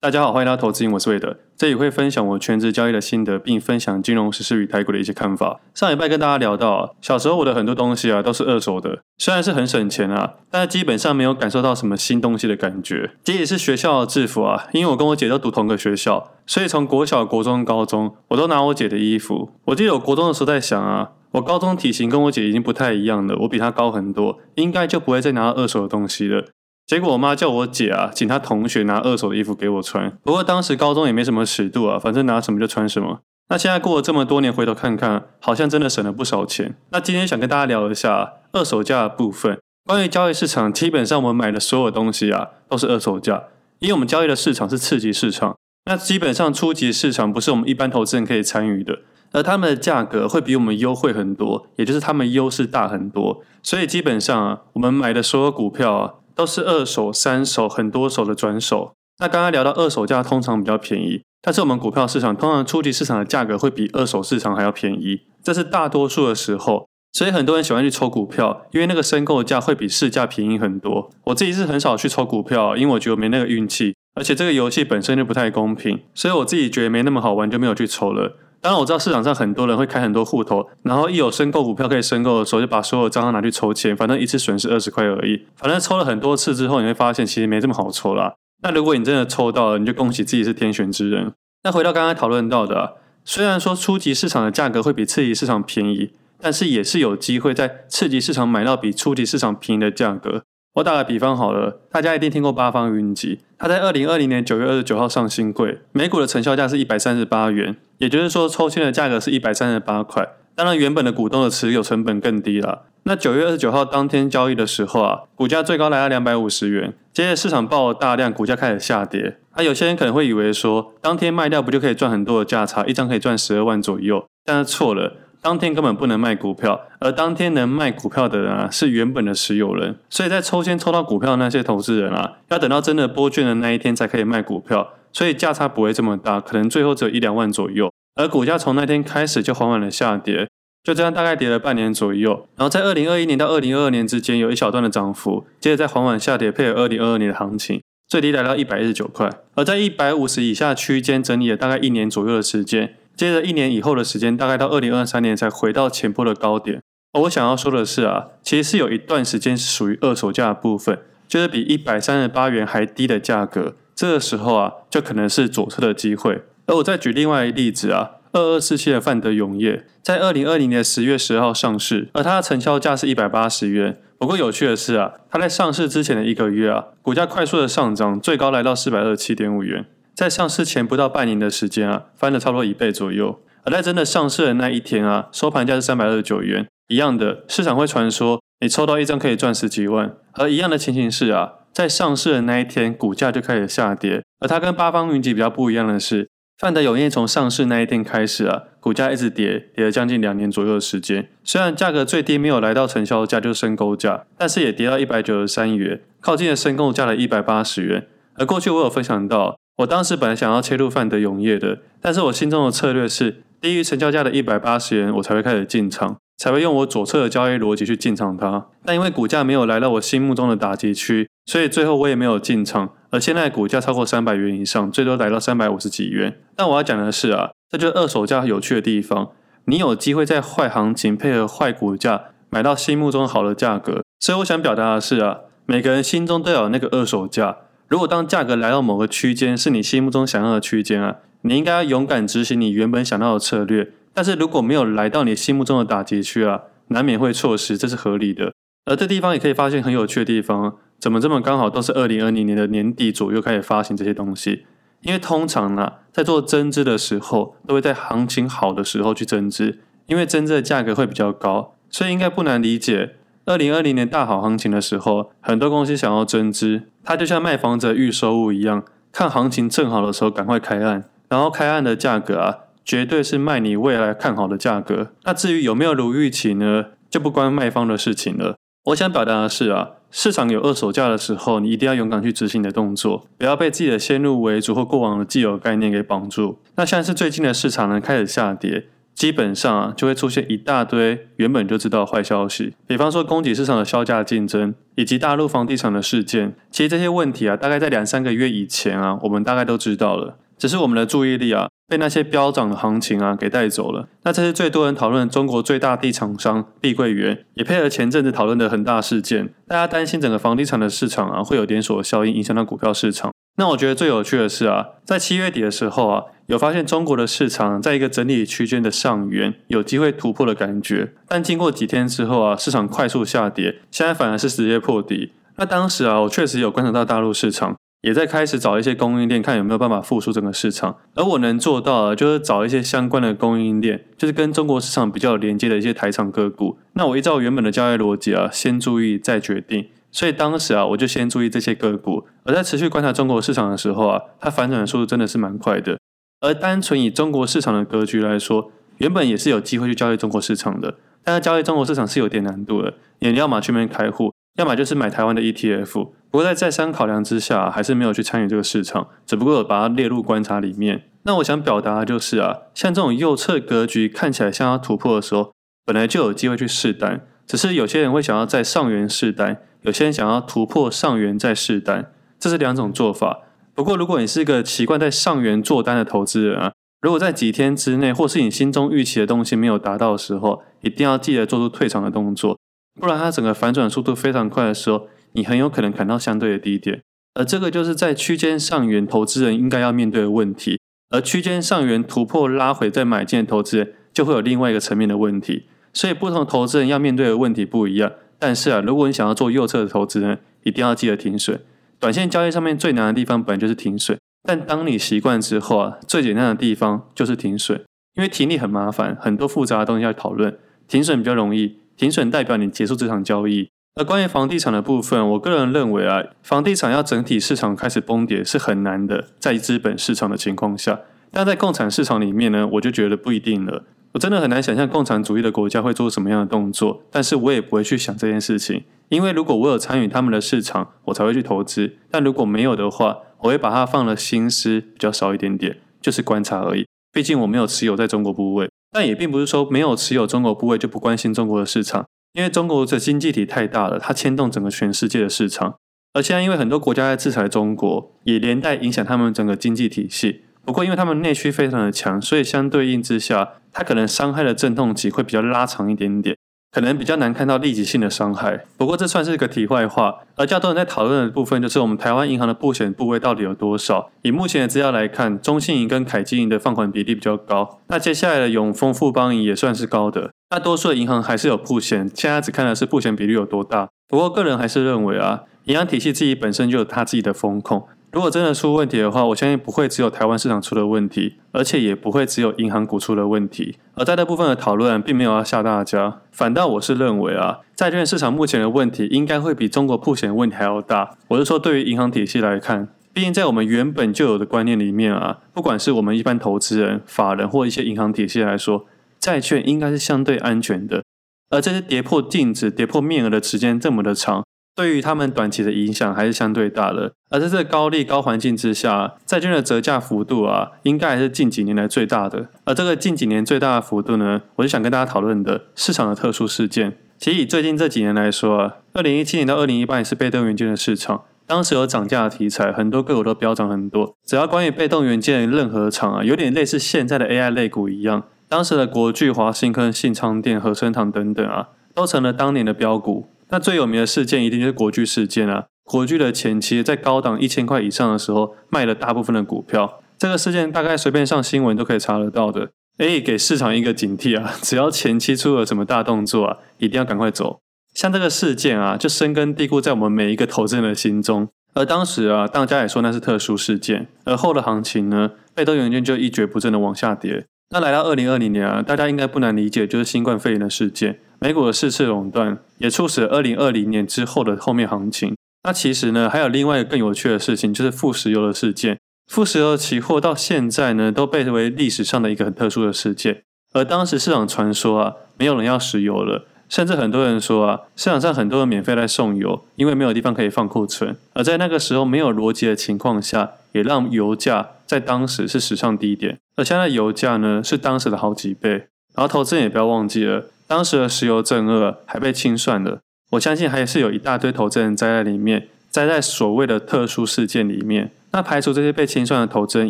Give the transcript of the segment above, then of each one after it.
大家好，歡迎來到投資癮，我是魏德。這裡會分享我全職交易的心得，並分享金融時事與台股的一些看法。上禮拜跟大家聊到，小時候我的很多東西啊都是二手的，雖然是很省錢啊，但是基本上沒有感受到什麼新東西的感覺。這也是學校的制服啊，因為我跟我姐都讀同個學校，所以從國小、國中、高中，我都拿我姐的衣服。我記得我國中的時候在想啊，我高中體型跟我姐已經不太一樣了，我比她高很多，應該就不會再拿到二手的東西了。結果我媽叫我姐啊，請她同學拿二手的衣服給我穿。不過當時高中也沒什麼尺度啊，反正拿什麼就穿什麼。那現在過了這麼多年，回頭看看，好像真的省了不少錢。那今天想跟大家聊一下二手價的部分。關於交易市場，基本上我們買的所有東西啊，都是二手價，因為我們交易的市場是次級市場。那基本上初級市場不是我們一般投資人可以參與的，而他們的價格會比我們優惠很多，也就是他們優勢大很多。所以基本上啊，我們買的所有股票啊。都是二手、三手、很多手的轉手。那剛剛聊到二手價通常比較便宜，但是我們股票市場通常初級市場的價格會比二手市場還要便宜，這是大多數的時候。所以很多人喜歡去抽股票，因為那個申購價會比市價便宜很多。我自己是很少去抽股票，因為我覺得我沒那個運氣，而且這個遊戲本身就不太公平，所以我自己覺得沒那麼好玩，就沒有去抽了。當然，我知道市場上很多人會開很多戶頭，然後一有申購股票可以申購的時候，就把所有賬號拿去抽籤，反正一次損失二十塊而已。反正抽了很多次之後，你會發現其實沒這麼好抽啦。那如果你真的抽到了，你就恭喜自己是天選之人。那回到剛剛討論到的啊，雖然說初級市場的價格會比次級市場便宜，但是也是有機會在次級市場買到比初級市場便宜的價格。.我打個比方好了，大家一定聽過八方雲集，它在二零二零年九月二十九號上興櫃，每股的成交價是一百三十八元，也就是說抽籤的價格是一百三十八塊。當然，原本的股東的持有成本更低了。那九月二十九號當天交易的時候啊，股價最高來到兩百五十元，接着市場爆了大量，股價開始下跌。那、啊、有些人可能會以為說，當天賣掉不就可以賺很多的價差，一張可以賺十二萬左右？但是錯了。當天根本不能賣股票，而當天能賣股票的人啊，是原本的持有人。所以在抽籤抽到股票的那些投資人啊，要等到真的撥券的那一天才可以賣股票，所以價差不會這麼大，可能最後只有一兩萬左右。而股價從那天開始就緩緩的下跌，就這樣大概跌了半年左右。然後在二零二一年到二零二二年之間有一小段的漲幅，接着再緩緩下跌，配合二零二二年的行情，最低來到一百一十九塊。而在一百五十以下區間整理了大概一年左右的時間。接着一年以後的時間，大概到二零二三年才回到前波的高點。而、哦、我想要說的是啊，其實是有一段時間是屬於二手價的部分，就是比一百三十八元還低的價格。這個時候啊，就可能是左側的機會。而我再舉另外一個例子啊，二二四七的汎德永業在二零二零年十月十號上市，而它的成交價是一百八十元。不過有趣的是啊，它在上市之前的一個月啊，股價快速的上漲，最高來到四百二十七點五元。在上市前不到半年的時間啊，翻了差不多一倍左右。而在真的上市的那一天啊，收盤價是三百二十九元。一樣的市場會傳說，你抽到一張可以賺十幾萬。而一樣的情形是啊，在上市的那一天，股價就開始下跌。而它跟八方雲集比較不一樣的是，泛德永業從上市那一天開始啊，股價一直跌，跌了將近兩年左右的時間。雖然價格最低沒有來到承銷價就是申購價，但是也跌到一百九十三元，靠近了申購價的一百八十元。而過去我有分享到。我當時本來想要切入泛德永業的，但是我心中的策略是低於成交價的一百八十元，我才會開始進場，才會用我左側的交易邏輯去進場它。但因為股價沒有來到我心目中的打擊區，所以最後我也沒有進場。而現在股價超過三百元以上，最多來到三百五十幾元。但我要講的是啊，這就是二手價有趣的地方，你有機會在壞行情配合壞股價買到心目中好的價格。所以我想表達的是啊，每個人心中都有那個二手價。如果當價格來到某個區間，是你心目中想要的區間啊，你應該要勇敢執行你原本想到的策略。但是如果沒有來到你心目中的打擊區啊，難免會錯失，這是合理的。而這地方也可以發現很有趣的地方，怎麼這麼剛好都是二零二零年的年底左右開始發行這些東西？因為通常呢、啊，在做增資的時候，都會在行情好的時候去增資，因為增資的價格會比較高，所以應該不難理解，二零二零年大好行情的時候，很多公司想要增資。它就像賣房子預售屋一樣，看行情正好的時候趕快開案，然後開案的價格啊，絕對是賣你未來看好的價格。那至於有沒有如預期呢，就不關賣方的事情了。我想表達的是啊，市場有二手價的時候，你一定要勇敢去執行你的動作，不要被自己的先入為主或過往的既有概念給綁住。那像是最近的市場呢，開始下跌。基本上啊，就會出現一大堆原本就知道的壞消息，比方說供給市場的削價競爭，以及大陸房地產的事件。其實這些問題啊，大概在兩三個月以前啊，我們大概都知道了，只是我們的注意力啊，被那些飆漲的行情啊給帶走了。那這是最多人討論中國最大地產商碧桂園，也配合前陣子討論的恆大事件，大家擔心整個房地產的市場啊，會有連鎖效應影響到股票市場。那我覺得最有趣的是啊，在七月底的時候啊，有發現中國的市場在一個整理區間的上緣有機會突破的感覺，但經過幾天之後啊，市場快速下跌，現在反而是直接破底。那當時啊，我確實有觀察到大陸市場也在開始找一些供應鏈，看有沒有辦法復甦整個市場。而我能做到啊，就是找一些相關的供應鏈，就是跟中國市場比較連接的一些台廠個股。那我依照原本的交易邏輯啊，先注意再決定。所以當時啊，我就先注意這些個股。而在持續觀察中國市場的時候啊，它反轉的速度真的是蠻快的。而單純以中國市場的格局來說，原本也是有機會去交易中國市場的，但是交易中國市場是有點難度的，你要嘛去面開戶，要麼就是買台灣的 ETF。不過在再三考量之下啊，還是沒有去參與這個市場，只不過把它列入觀察裡面。那我想表達的就是啊，像這種右側格局看起來像要突破的時候，本來就有機會去試單，只是有些人會想要在上緣試單。有些人想要突破上緣再試單，這是兩種做法。不過，如果你是一個習慣在上緣做單的投資人啊，如果在幾天之內，或是你心中預期的東西沒有達到的時候，一定要記得做出退場的動作，不然它整個反轉速度非常快的時候，你很有可能砍到相對的低點。而這個就是在區間上緣投資人應該要面對的問題，而區間上緣突破拉回再買進的投資人，就會有另外一個層面的問題。所以，不同投資人要面對的問題不一樣。但是啊，如果你想要做右側的投資呢，一定要記得停損。短線交易上面最難的地方，本來就是停損。但當你習慣之後啊，最簡單的地方就是停損，因為停利很麻煩，很多複雜的東西要討論。停損比較容易，停損代表你結束這場交易。而關於房地產的部分，我個人認為啊，房地產要整體市場開始崩跌是很難的，在資本市場的情況下，但在共產市場裡面呢，我就覺得不一定了。我真的很難想象共產主義的國家會做什麼樣的動作，但是我也不會去想這件事情，因為如果我有參與他們的市場，我才會去投資；但如果沒有的話，我會把它放的心思比較少一點點，就是觀察而已。畢竟我沒有持有在中國部位，但也並不是說沒有持有中國部位就不關心中國的市場，因為中國的經濟體太大了，它牽動整個全世界的市場。而現在因為很多國家在制裁中國，也連帶影響他們整個經濟體系。不過，因為他們內需非常的強，所以相對應之下，它可能傷害的陣痛期會比較拉長一點點，可能比較難看到立即性的傷害。不過，這算是個題外話。而較多人在討論的部分，就是我們台灣銀行的曝險部位到底有多少？以目前的資料來看，中信銀跟凱基銀的放款比例比較高。那接下來的永豐、富邦銀也算是高的。大多數的銀行還是有曝險，現在只看的是曝險比率有多大。不過，個人還是認為啊，銀行體系自己本身就有它自己的風控。如果真的出問題的話，我相信不會只有台灣市場出了問題，而且也不會只有銀行股出了問題。而在這部分的討論，並沒有要嚇大家，反倒我是認為啊，債券市場目前的問題，應該會比中國曝險的問題還要大。我是說，對於銀行體系來看，畢竟在我們原本就有的觀念裡面啊，不管是我們一般投資人、法人或一些銀行體系來說，債券應該是相對安全的。而這些跌破淨值、跌破面額的時間這麼的長。對於他們短期的影響還是相對大的，而在這個高利高環境之下，債券的折價幅度啊，應該還是近幾年來最大的。而這個近幾年最大的幅度呢，我是想跟大家討論的市場的特殊事件。其實以最近這幾年來說啊，二零一七年到二零一八年是被動元件的市場，當時有漲價的題材，很多個股都飆漲很多。只要關於被動元件任何廠啊，有點類似現在的 AI 類股一樣，當時的國巨、華新科、跟信昌電、禾伸堂等等啊，都成了當年的標股。那最有名的事件一定就是國巨事件啊。國巨的前期在高檔一千塊以上的時候，賣了大部分的股票。這個事件大概隨便上新聞都可以查得到的。哎，給市場一個警惕啊！只要前期出了什麼大動作啊，一定要趕快走。像這個事件啊，就深根蒂固在我們每一個投資人的心中。而當時啊，大家也說那是特殊事件。而後的行情呢，被動元件就一蹶不振的往下跌。那來到二零二零年啊，大家應該不難理解，就是新冠肺炎的事件。美股的四次壟斷也促使了二零二零年之後的後面行情。那其實呢，還有另外一個更有趣的事情，就是負石油的事件。負石油的期貨到現在呢，都被認為歷史上的一個很特殊的事件。而當時市場傳說啊，沒有人要石油了，甚至很多人說啊，市場上很多人免費來送油，因為沒有地方可以放庫存。而在那個時候沒有邏輯的情況下，也讓油價在當時是史上低點。而現在油價呢，是當時的好幾倍。然後投資人也不要忘記了。當時的石油正二還被清算了，我相信還是有一大堆投資人栽在裡面，栽在所謂的特殊事件裡面。那排除這些被清算的投資人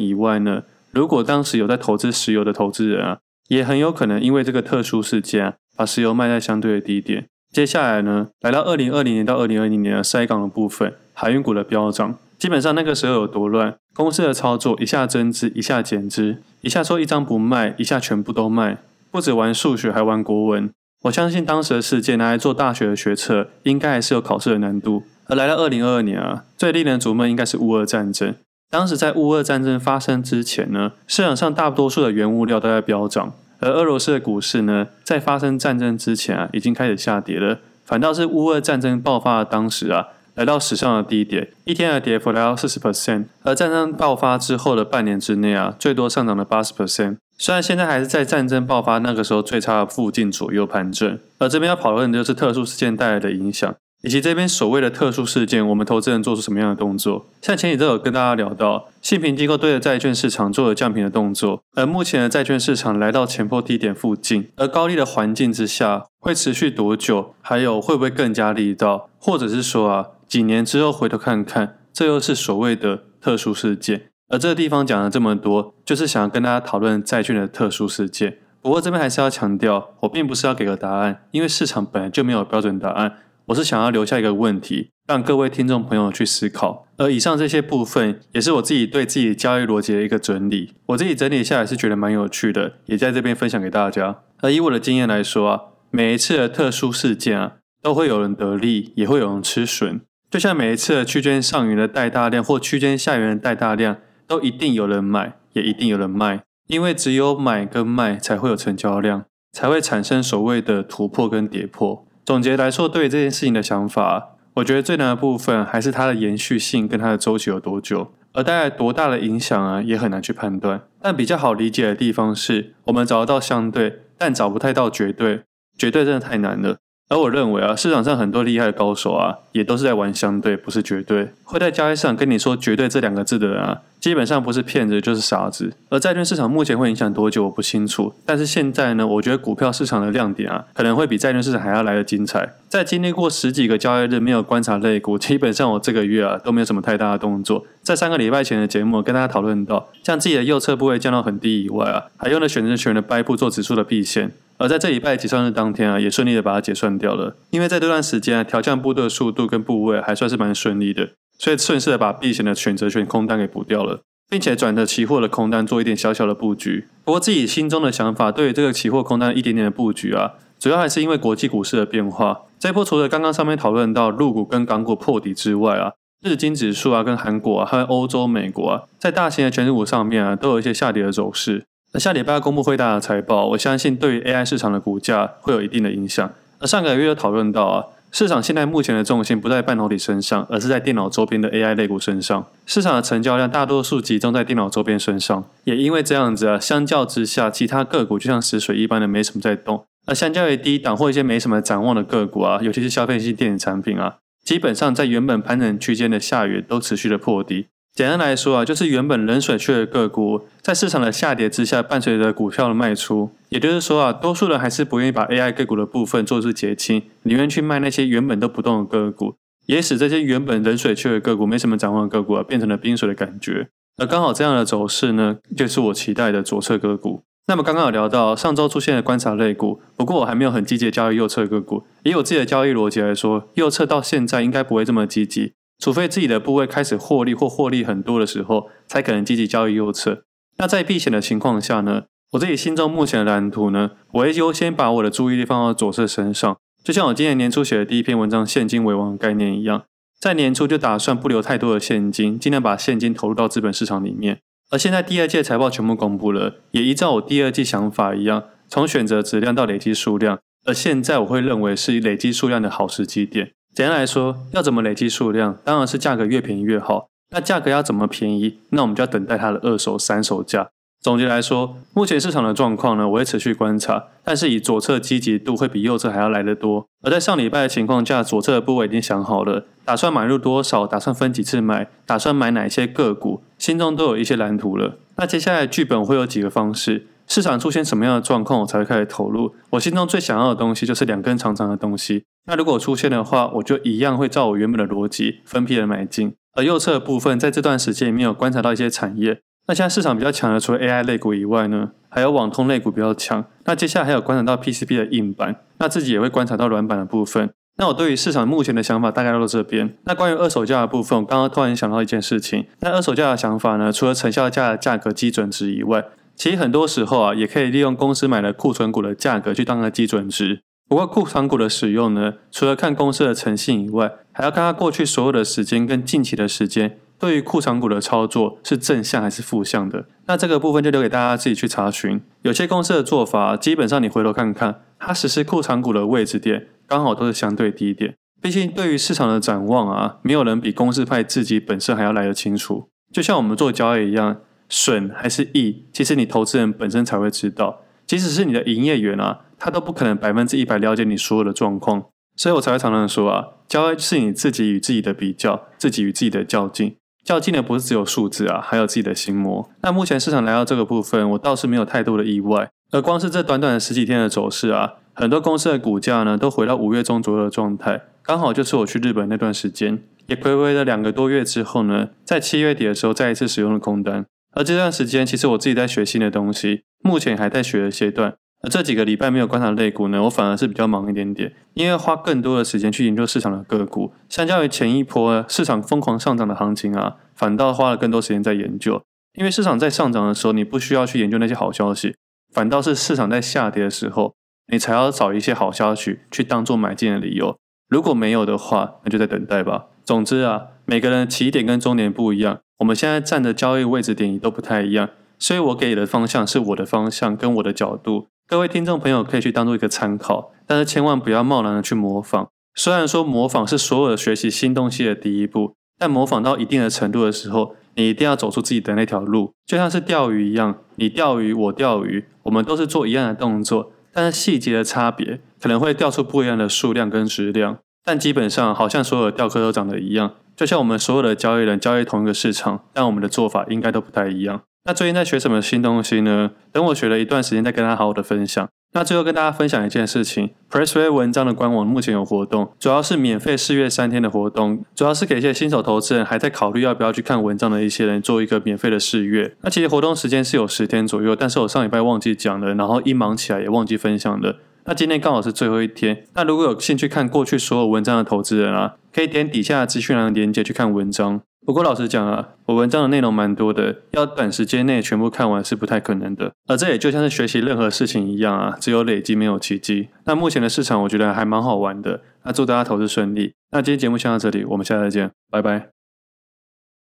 以外呢，如果當時有在投資石油的投資人啊，也很有可能因為這個特殊事件啊，把石油賣在相對的低點。接下來呢，來到二零二零年到二零二零年的塞港的部分，海運股的飆漲，基本上那個時候有多亂，公司的操作一下增資，一下減資，一下說一張不賣，一下全部都賣。不只玩數學，還玩國文。我相信當時的世界拿來做大學的學測，應該還是有考試的難度。而來到二零二二年啊，最令人矚目的應該是烏俄戰爭。當時在烏俄戰爭發生之前呢，市場上大多數的原物料都在飆漲，而俄羅斯的股市呢，在發生戰爭之前啊，已經開始下跌了。反倒是烏俄戰爭爆發的當時啊，來到史上的低點，一天的跌幅來到四十 percent。而戰爭爆發之後的半年之內啊，最多上漲了八十 percent。雖然現在還是在戰爭爆發那個時候最差的附近左右盤整，而這邊要討論的就是特殊事件帶來的影響，以及這邊所謂的特殊事件，我們投資人做出什麼樣的動作？像前幾周有跟大家聊到，信評機構對著債券市場做了降評的動作，而目前的債券市場來到前波低點附近，而高利的環境之下會持續多久？還有會不會更加利道，或者是說啊，幾年之後回頭看看，這又是所謂的特殊事件？而這個地方講了這麼多，就是想要跟大家討論債券的特殊事件。不過這邊還是要強調，我並不是要給個答案，因為市場本來就沒有標準答案。我是想要留下一個問題，讓各位聽眾朋友去思考。而以上這些部分，也是我自己對自己交易邏輯的一個整理。我自己整理下來是覺得蠻有趣的，也在這邊分享給大家。而以我的經驗來說啊，每一次的特殊事件啊，都會有人得利，也會有人吃損。就像每一次的區間上緣的帶大量，或區間下緣的帶大量。都一定有人買，也一定有人賣，因為只有買跟賣才會有成交量，才會產生所謂的突破跟跌破。總結來說，對於這件事情的想法啊，我覺得最難的部分還是它的延續性跟它的周期有多久，而帶來多大的影響啊，也很難去判斷。但比較好理解的地方是，我們找得到相對，但找不太到絕對，絕對真的太難了。而我認為啊，市場上很多厲害的高手啊，也都是在玩相對，不是絕對。會在交易上跟你說絕對這兩個字的人啊。基本上不是騙子就是傻子，而債券市場目前會影響多久我不清楚，但是現在呢，我覺得股票市場的亮點啊，可能會比債券市場還要來得精彩。在經歷過十幾個交易日沒有觀察類股，基本上我這個月啊都沒有什麼太大的動作。在三個禮拜前的節目跟大家討論到，像自己的右側部位降到很低以外啊，還用了選擇權的 buy 步做指數的避險，而在這禮拜結算日當天啊，也順利的把它結算掉了。因為在這段時間啊，調降部隊的速度跟部位還算是蠻順利的。所以順勢的把避險的選擇權空單給補掉了，並且轉着期貨的空單做一點小小的佈局。不過自己心中的想法，對於這個期貨空單的一點點的佈局啊，主要還是因為國際股市的變化。這一波除了剛剛上面討論到陸股跟港股破底之外啊，日經指數啊跟韓國啊還有歐洲、美國啊，在大型的權值股上面啊，都有一些下跌的走勢。那下禮拜公布輝達的財報，我相信對於 AI 市場的股價會有一定的影響。那上個月就討論到啊。市場現在目前的重心不在半導體身上，而是在電腦週邊的 AI 類股身上。市場的成交量大多數集中在電腦週邊身上，也因為這樣子啊，相較之下，其他個股就像死水一般的沒什麼在動。而相較於低檔或一些沒什麼展望的個股啊，尤其是消費性電子產品啊，基本上在原本盤整區間的下緣都持續的破底。簡單來說啊，就是原本冷水區的個股，在市場的下跌之下，伴隨着股票的賣出，也就是說啊，多數人還是不願意把 AI 個股的部分做出結清，寧願去賣那些原本都不動的個股，也使這些原本冷水區的個股沒什麼展望的個股啊，變成了冰水的感覺。而剛好這樣的走勢呢，就是我期待的左側個股。那麼剛剛有聊到上周出現了觀察類股，不過我還沒有很積極的交易右側個股，以我自己的交易邏輯來說，右側到現在應該不會這麼積極。除非自己的部位開始獲利或獲利很多的時候，才可能積極交易右側。那在避險的情況下呢？我自己心中目前的藍圖呢？我會優先把我的注意力放到左側身上，就像我今年年初寫的第一篇文章“現金為王”概念一樣，在年初就打算不留太多的現金，盡量把現金投入到資本市場裡面。而現在第二季的財報全部公布了，也依照我第二季想法一樣，從選擇質量到累積數量，而現在我會認為是以累積數量的好時機點。簡單來說，要怎麼累積數量？當然是價格越便宜越好。那價格要怎麼便宜？那我們就要等待它的二手、三手價。總結來說，目前市場的狀況呢，我會持續觀察。但是以左側積極度會比右側還要來得多。而在上禮拜的情況下，左側的部位已經想好了，打算買入多少，打算分幾次買，打算買哪些個股，心中都有一些藍圖了。那接下來劇本會有幾個方式？市場出現什麼樣的狀況，我才會開始投入。我心中最想要的東西就是兩根長長的東西。那如果出現的話，我就一樣會照我原本的邏輯分批的買進。而右側的部分在這段時間裡沒有觀察到一些產業。那現在市場比較強的，除了 AI 類股以外呢，還有網通類股比較強。那接下來還有觀察到 PCB 的硬板，那自己也會觀察到軟板的部分。那我對於市場目前的想法大概到這邊。那關於二手價的部分，我剛剛突然想到一件事情。那二手價的想法呢，除了成交價的價格基準值以外，其實很多時候啊，也可以利用公司買的庫存股的價格去當個基準值。不過，庫藏股的使用呢，除了看公司的誠信以外，還要看它過去所有的時間跟近期的時間，對於庫藏股的操作是正向還是負向的。那這個部分就留給大家自己去查詢。有些公司的做法，基本上你回頭看看，它實施庫藏股的位置點，剛好都是相對低點。畢竟對於市場的展望啊，沒有人比公司派自己本身還要來得清楚。就像我們做交易一樣，損還是益，其實你投資人本身才會知道。即使是你的營業員啊，他都不可能百分之一百了解你所有的狀況，所以我才會常常說啊，交易是你自己與自己的比較，自己與自己的較勁，較勁的不是只有數字啊，還有自己的心魔。那目前市場來到這個部分，我倒是沒有太多的意外。而光是這短短的十幾天的走勢啊，很多公司的股價呢都回到五月中左右的狀態，剛好就是我去日本那段時間，也回歸了兩個多月之後呢，在七月底的時候再一次使用了空單。而這段時間，其實我自己在學新的東西。目前還在學的階段，而這幾個禮拜沒有觀察類股呢，我反而是比較忙一點點，因為花更多的時間去研究市場的個股。相較於前一波市場瘋狂上漲的行情啊，反倒花了更多時間在研究。因為市場在上漲的時候，你不需要去研究那些好消息，反倒是市場在下跌的時候，你才要找一些好消息去當做買進的理由。如果沒有的話，那就再等待吧。總之啊，每個人起點跟終點不一樣，我們現在站的交易位置點也都不太一樣。所以我給你的方向是我的方向跟我的角度，各位聽眾朋友可以去當做一個參考，但是千萬不要貿然的去模仿。雖然說模仿是所有的學習新東西的第一步，但模仿到一定的程度的時候，你一定要走出自己的那條路。就像是釣魚一樣，你釣魚，我釣魚，我們都是做一樣的動作，但是細節的差別可能會釣出不一樣的數量跟質量。但基本上，好像所有的釣客都長得一樣，就像我們所有的交易人交易同一個市場，但我們的做法應該都不太一樣。那最近在學什麼新東西呢？等我學了一段時間，再跟大家好好的分享。那最後跟大家分享一件事情，PressPlay 文章的官網目前有活動，主要是免費試閱三天的活動，主要是給一些新手投資人還在考慮要不要去看文章的一些人做一個免費的試閱。那其實活動時間是有十天左右，但是我上禮拜忘記講了，然後一忙起來也忘記分享了。那今天剛好是最後一天，那如果有興趣看過去所有文章的投資人啊，可以點底下資訊欄的鏈接去看文章。不過老實講啊，我文章的內容蠻多的，要短時間內全部看完是不太可能的。而這也就像是學習任何事情一樣啊，只有累積沒有奇蹟。那目前的市場，我覺得還蠻好玩的。那，啊，祝大家投資順利。那今天節目先到這裡，我們下次再見，拜拜。